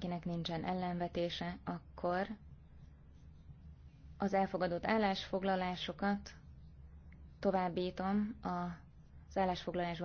senkinek nincsen ellenvetése, akkor az elfogadott állásfoglalásokat továbbítom az állásfoglalásban